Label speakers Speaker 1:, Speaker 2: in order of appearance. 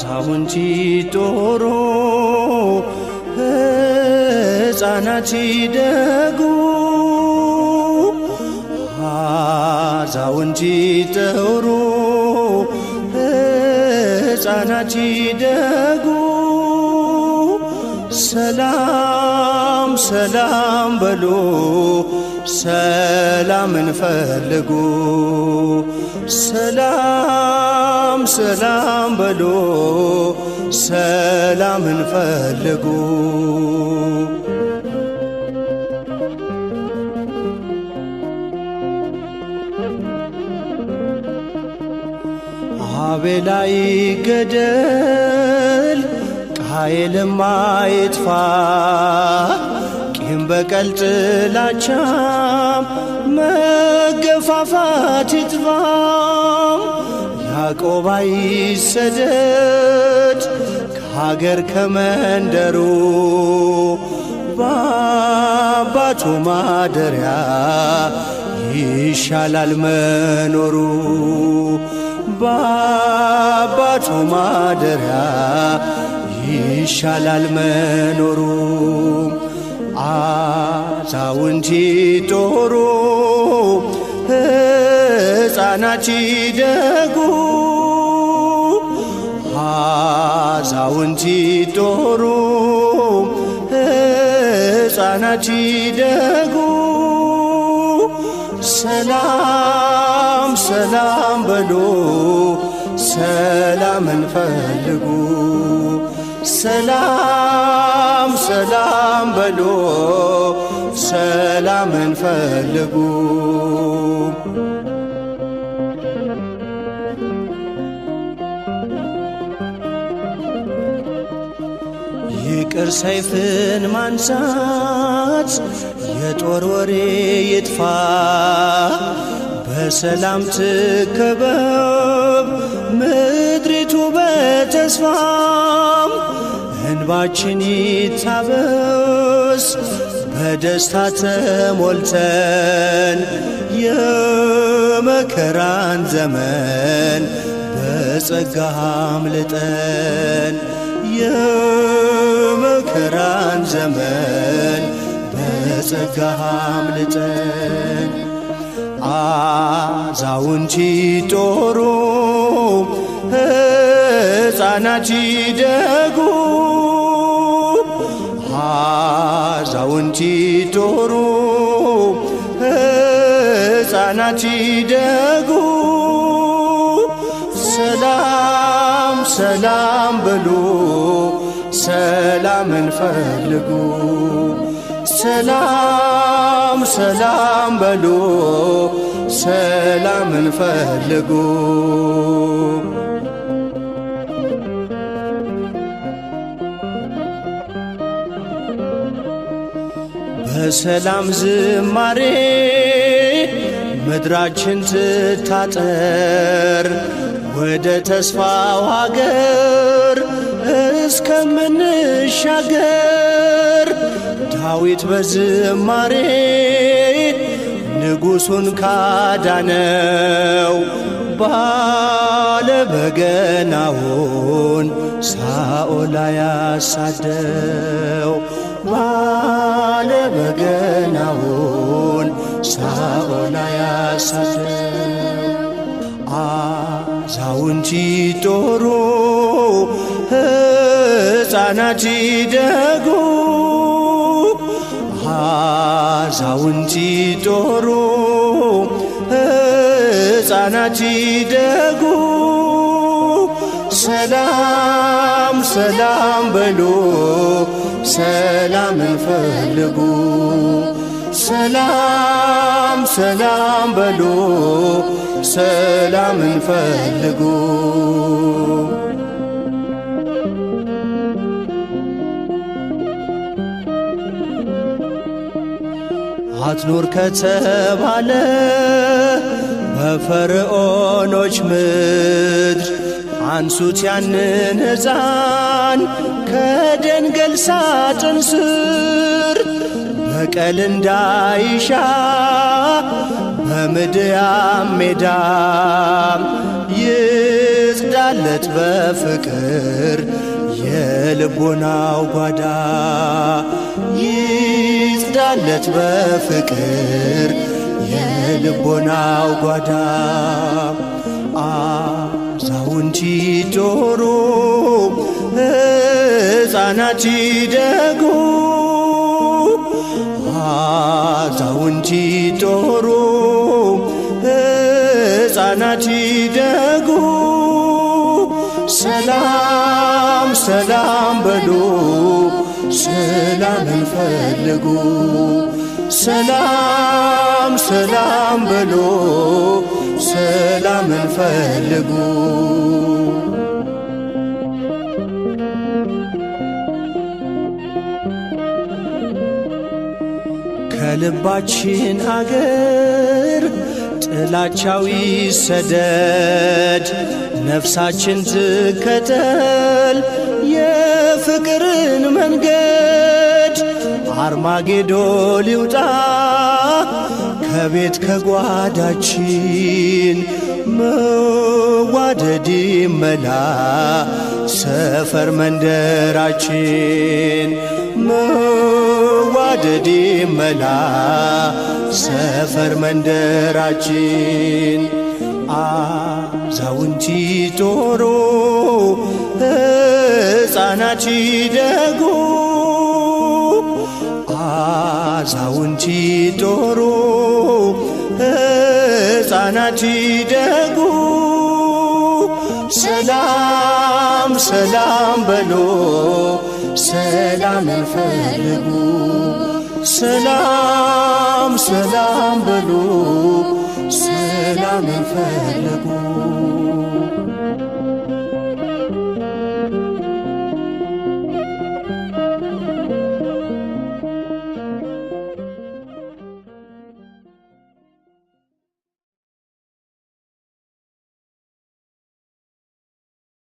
Speaker 1: ሳውንቲ ጦሮ ሕፃናት ደጉ አዛውንቲ ጠሩ ሕፃናት ደጉ ሰላም ሰላም በሉ ሰላምን ፈልጉ፣ ሰላም ሰላም በሉ፣ ሰላምን ፈልጉ። አቤላይ ገደል ቃየልም አይጥፋ በቀል ጥላቻ መገፋፋት ይጥፋ፣ ያዕቆብ አይሰደድ ከሀገር ከመንደሩ በአባቱ ማደሪያ ይሻላል መኖሩ በአባቱ ማደሪያ ይሻላል መኖሩ አዛውንቲ ጦሮ ሕፃናት ደጉ አዛውንቲ ጦሮ ሕፃናት ደጉ ሰላም ሰላም በሎ ሰላምን ፈልጉ ሰላም ሰላም በሎ ሰላምን ፈልጉ ይቅር ሰይፍን ማንሳት የጦር ወሬ ይጥፋ፣ በሰላም ትከበብ ምድሪቱ በተስፋ እንባችን ይታበስ በደስታ ተሞልተን የመከራን ዘመን በጸጋ አምልጠን የመከራን ዘመን በጸጋ አምልጠን አዛውንቲ ጦሩን ሕፃናት ይደጉ አዛውንት ይጦሩ ሕፃናት ይደጉ ሰላም ሰላም በሉ ሰላምን ፈልጉ ሰላም ሰላም በሉ ሰላምን ፈልጉ። በሰላም ዝማሬ ምድራችን ትታጠር ወደ ተስፋው ሀገር እስከምንሻገር ዳዊት በዝማሬ ንጉሱን ካዳነው ባለ በገናውን ሳኦል አያሳደው ባለ በገናውን ሳኦል አያሳደው አዛውንቲ ጦሩ ሕፃናት ደግ አዛውንቲ ዶሩ ሕፃናት ደጉ ሰላም ሰላም በሉ ሰላም እንፈልጉ ሰላም ሰላም በሉ ሰላም እንፈልጉ አትኑር ከተባለ በፈርዖኖች ምድር አንሱት ያንን ሕፃን ከደንገል ሳጥን ስር በቀል እንዳይሻ በምድያም ሜዳም ይጽዳለት በፍቅር የልቦናው ጓዳ ዘጋለት በፍቅር የልቦናው ጓዳ አዛውንቲ ጆሮ ሕፃናቲ ደጉ አዛውንቲ ጆሮ ሕፃናቲ ደጉ ሰላም በሉ፣ ሰላምን ፈልጉ። ሰላም ሰላም በሉ፣ ሰላምን ፈልጉ። ከልባችን አገር ጥላቻዊ ሰደድ ነፍሳችን ትከተል አርማጌዶ ሊውጣ ከቤት ከጓዳችን መዋደድ መላ ሰፈር መንደራችን መዋደድ መላ ሰፈር መንደራችን አዛውንቲ ጦሮ ሕፃናት ደጎ አዛውንቲ ዶሮ ሕፃናት ደጉ ሰላም ሰላም በሎ ሰላም ፈልጉ ሰላም ሰላም በሎ ሰላም ፈልጉ